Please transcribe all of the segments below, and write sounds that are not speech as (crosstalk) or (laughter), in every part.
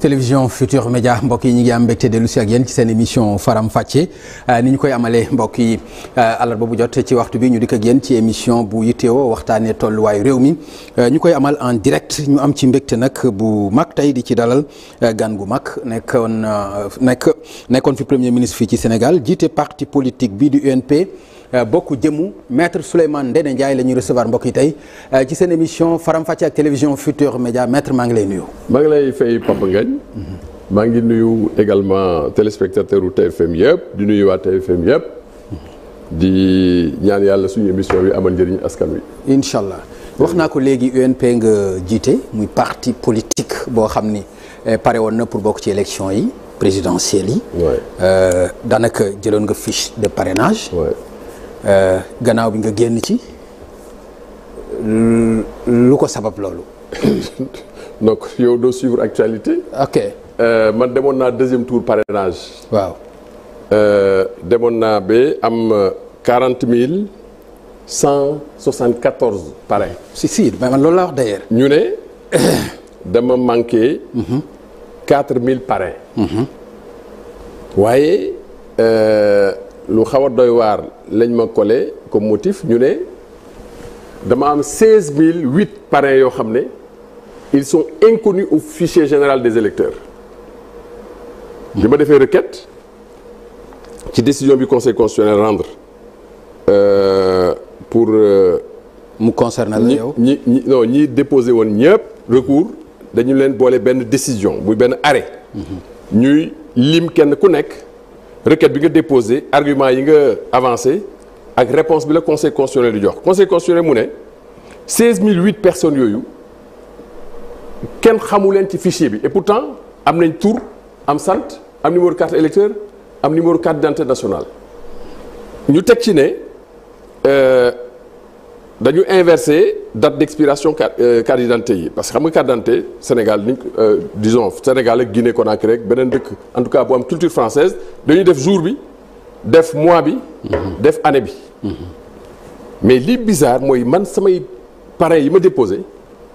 télévision Futur Média mbokk yi ñu ngi am mbégte dellu si ak yéen ci seen émission faram fàcce euh, ni ñu koy amalee mbokk yi euh, àllarba bu jot ci waxtu bi ñu dikk ak yéen ci émission bu yittewoo waxtaanee tolluwaayu réew mi euh, ñu koy amal en direct ñu am ci mbégte nag bu mag tey di ci dalal gan gu mag nekkoon nekk nekkoon fi premier ministre fii ci Sénégal jiite parti politique bi du UNP. Euh, bokk jëmu maître Souleymane Ndéné Ndiaye la ñuy recevoir mbokk yi tey euh, ci seen émission Faram Facce ak télévision Futur Média maître maa ngi lay nuyu. maa ngi lay fay Papa Ngagne. Mhm. maa ngi nuyu également téléspectateur u TFM yëpp di nuyu waa TFM yëpp. di ñaan yàlla suñu émission bi amal njëriñ askan wi. incha allah wax naa ko léegi UNP nga jiite muy parti politique boo xam ni eh, pare woon na pour bokk ci élection yi présidentielles yi. Euh, daanaka jëloon nga fiche de parrainage. Euh, gannaaw bi nga génn ci lu ko sabab loolu. (coughs) donc yow doo suivre actualité. ok euh, man demoon naa deuxième tour parrainage. waaw. Euh, demoon naa ba am quarante mille cent soixante quatorze parrain. si si man loolu la wax d'ailleurs. ñu ne (coughs) dama manqué. Mhm. quatre mille parrain. Mhm. waaye. lu xaw a doy waar lañ ma kole comme motif ñu ne dama am 16008 parrains yoo xam ne ils sont inconnus au fichier général des électeurs bi ma defee requête ci décision bi conseil constitutionnel rendre euh, pour. Euh, mu concerne la yow ñi ñi non ñi déposé woon ñëpp recours dañu leen boole benn décision bu benn arrêt. Mm-hmm. ñuy lim kenn ku nekk. requête bi nga déposé argument yi nga avancé ak réponse bi la conseil constitutionnel di jox conseil constitutionnel mu ne 16008 personnes yooyu kenn xamu leen ci fichier bi et pourtant am nañ tour am sant am numéro carte électeur am numéro carte d'identité nationale ñu teg ci ne. Euh, dañu inversé date d'expiration euh, carte d'identité yi parce que xam nga carte d'identité Sénégal ni euh, disons Sénégal ak Guinée Conakry rek beneen dëkk en tout cas bu am culture française dañuy def jour bi def mois bi mhm. def année bi mhm. mais li bizarre mooy man samay parrain yi ma déposé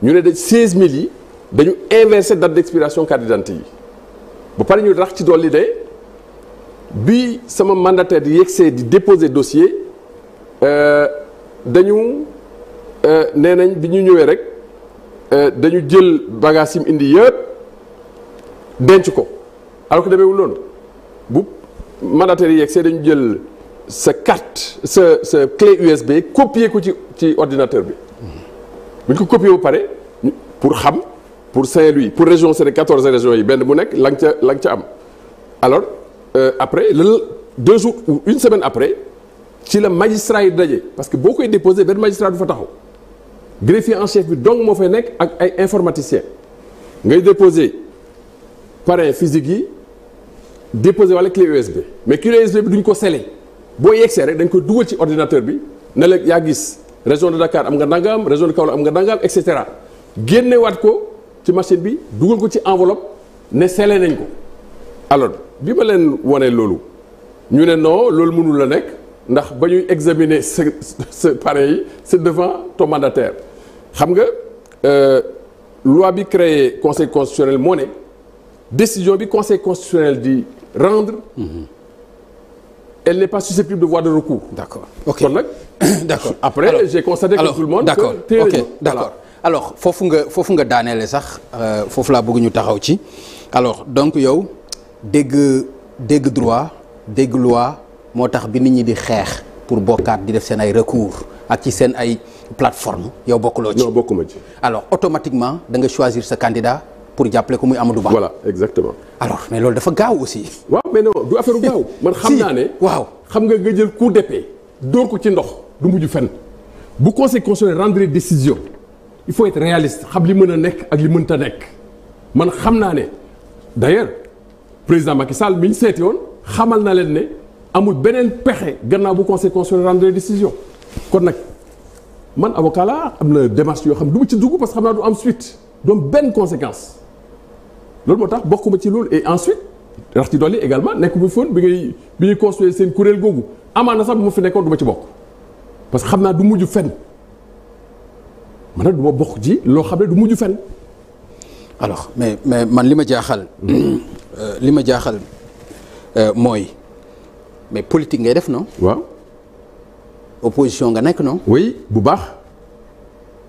ñu ne de 16000 yi dañu inversé date d'expiration carte yi ba pare ñu rax ci yi de bi sama mandataire di yegsee di déposer dossier euh, dañu euh, nee nañ bi ñu ñëwee rek euh, dañu jël bagage yi indi yëpp denc ko alors que demeewul loolu bu mandataires yi yegg see dañu jël sa carte sa sa clé USB copier ko ci ci ordinateur bi bu ñu ko copier bu pare pour xam pour Saint-Louis pour région Sénégal 14 régions yi benn bu nekk la nga ca la nga ca am alors euh, après la deux une semaine après. ci la magistrat yi daje parce que boo koy déposé benn magistrat du fa taxaw greffier en chef bi donc moo fay nekk ak ay informaticien ngay déposé parrain physique yi déposé wala clé USB mais clé USB bi duñ ko sele boo yegsee rek dañ ko dugal ci ordinateur bi na la yaa gis région de Dakar am nga nangam région de Kaolack am nga nangam et cetera génnewaat ko ci machine bi dugal ko ci enveloppe ne sele nañ ko alors bi ma leen wanee loolu ñu ne noo loolu mënul la nekk. ndax ba ñuy examiner sa sa parrain yi c'est devant ton mandataire xam nga euh, loi bi créer conseil constitutionnel moo ne décision bi conseil constitutionnel di rendre. Mhm. elle n'est pas susceptible de voie de recours. d'accord ok kon nag. (coughs) après j'ai constaté que tout le monde. d'accord ok d'accord alors foofu nga foofu nga daaneele sax euh, foofu laa bëgg ñu taxaw ci alors donc yow dégg dégg droit dégg loi. moo tax bi nit ñi di xeex pour bokkaat di def seen ay recours ak ci seen ay plateforme yow bokkuloo ci. non bokkuma ci. alors automatiquement da nga choisir sa candidat pour jàppale ko muy Amadou Ba. voilà exactement. alors mais loolu dafa gaaw aussi. waaw mais non du affaire gaaw. man xam naa ne waaw. xam nga nga jël coup d'épée dóor ko ci ndox du mujj fenn bu conseil constitutionnel rendre décision il faut être réaliste xam li mën a nekk ak li mënta nekk man xam naa ne d'ailleurs président Macky Sall mi ñu seeti woon xamal na leen ne. amul beneen pexe gannaaw bu conseil constitutionnel rendre décision kon nag man avocat laa am na démarche yoo xam du ma ci dugg parce que xam naa du am suite du benn conséquence loolu moo tax bokkuma ci loolu et ensuite rax ci dolli également nekku bu fóon bi ngay bi ñuy construire seen kuréel googu amaana sax bu ma fi nekkoon du ma ci bokk parce que xam naa du mujj fen man nag du bokk ci loo xam ne du mujj fen alors mais mais man li ma jaaxal. Mm-hmm. Euh, li ma jaaxal euh, mooy. mais politique ngay def non. waaw. opposition nga nekk non. oui bu baax.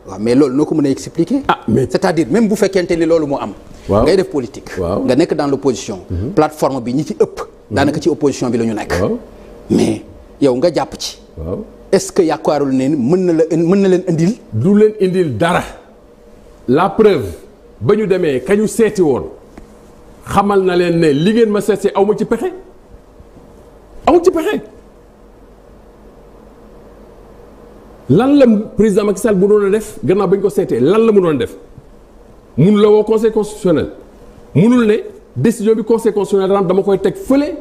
waaw mais loolu noo ko mën a expliquer. ah mais c'est-à-dire même bu fekkente ni loolu moo am. waaw ngay def politique. waaw nga nekk dans l'opposition. Mmh. plateforme bi ñi ci ëpp. Mhm. daanaka ci opposition bi la nekk. mais yow nga jàpp ci. est-ce que yaakaarul ne mën na la mën na leen indil. du leen indil dara. la preuve ba ñu demee kañu seeti woon xamal na leen ne li ngeen ma seet si aw ma ci pexe. amul ci pexe lan la président Macky Sall mënoon a def gannaaw ba ñu ko seetee lan la mënoon a def mun la woo conseil constitutionnel munul ne décision bi conseil constitutionnel daan dama koy teg fële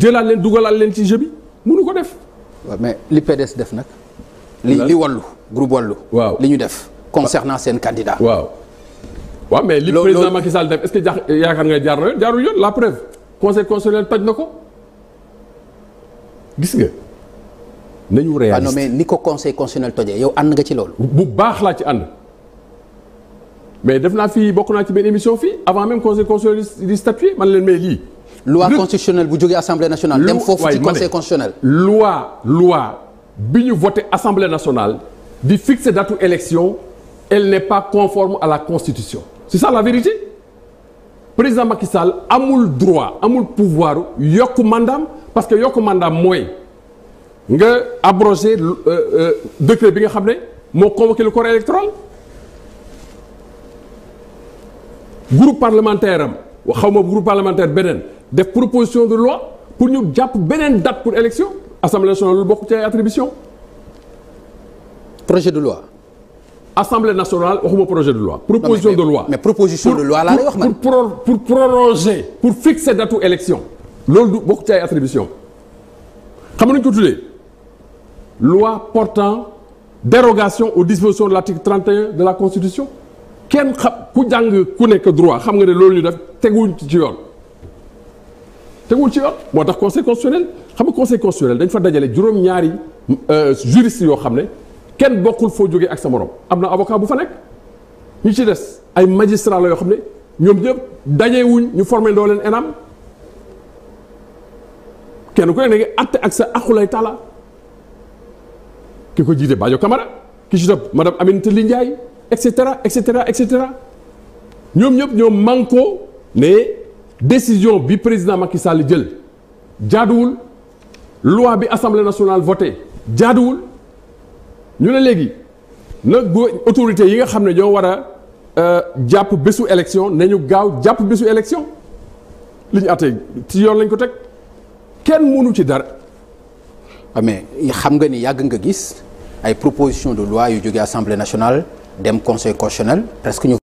jëlaat leen dugalaat leen ci jeu bi munu ko def. waaw mais li PDS def nag. li li wallu groupe wallu. waaw li ñu def. concernant seen candidat. waaw waaw mais. li président Macky def est que yaakaar nga jaar na yoon jaarul yoon la preuve conseil constitutionnel toj na ko. gis nga nañu réaliste non mais ni ko conseil constitutionnel tojee yow ànd nga ci loolu. bu baax laa ci ànd mais def naa fi bokk naa ci benn émission fii avant même conseil constitutionnel di statuer man leen may lii. loi constitutionnelle bu jógee assemblée nationale. dem foofu ci conseil constitutionnel. loi loi bi ñu voté assemblée nationale di fixer datu élection elle n'est pas conforme à la constitution c'est ça la vérité président Macky Sall amul droit amul pouvoir parce que yokk mandat mooy nga abroger euh, euh, décret bi nga xam ne moo convoqué le corps électoral groupe parlementaire am xaw ma groupe parlementaire beneen def proposition de loi pour ñu jàpp beneen date pour élection assemblée nationale lu bokk ci ay attribution projet de loi. assemblée nationale waxuma projet de loi. proposition non, mais, mais, de loi mais proposition pour, de loi pour pour proroger pour fixer datu élection. loolu du bokk ci ay attribution xam nga ñu ko tuddee loi portant dérogation aux dispositions de l'article 31 de la constitution kenn xam ku jàng ku nekk droit xam nga ne loolu ñu def teguñ ci yoon teguñ ci yoon moo tax conseil constitutionnel xam nga conseil constitutionnel dañ fa dajale juróom-ñaari euh, juriste yoo xam ne kenn bokkul foo jóge ak sa morom am na avocat bu fa nekk ñu ci des ay magistrat la yoo xam ne ñoom ñëpp dajewuñ ñu formé doo leen enam kenn ku ne da ngay àtte ak sa axulay tala ki ko jiite Badio Camara ki ci topp madame Aminata Ly Ndiaye et cetera et cetera ñoom ñëpp ñoom manko ne décision bi président Macky Sall jël jaaduwul loi bi assemblée nationale votée jaaduwul ñu ne léegi nag bu autorité yi nga xam ne ñoo war a euh, jàpp bésu élection ñu gaaw jàpp bésu élection li àttee ci yoon lañ ko teg. kenn mënu ci dara. Ah, mais xam nga ni yàgg nga gis ay proposition de loi yu jóge assemblée nationale dem conseil constitutionnel presque ñu.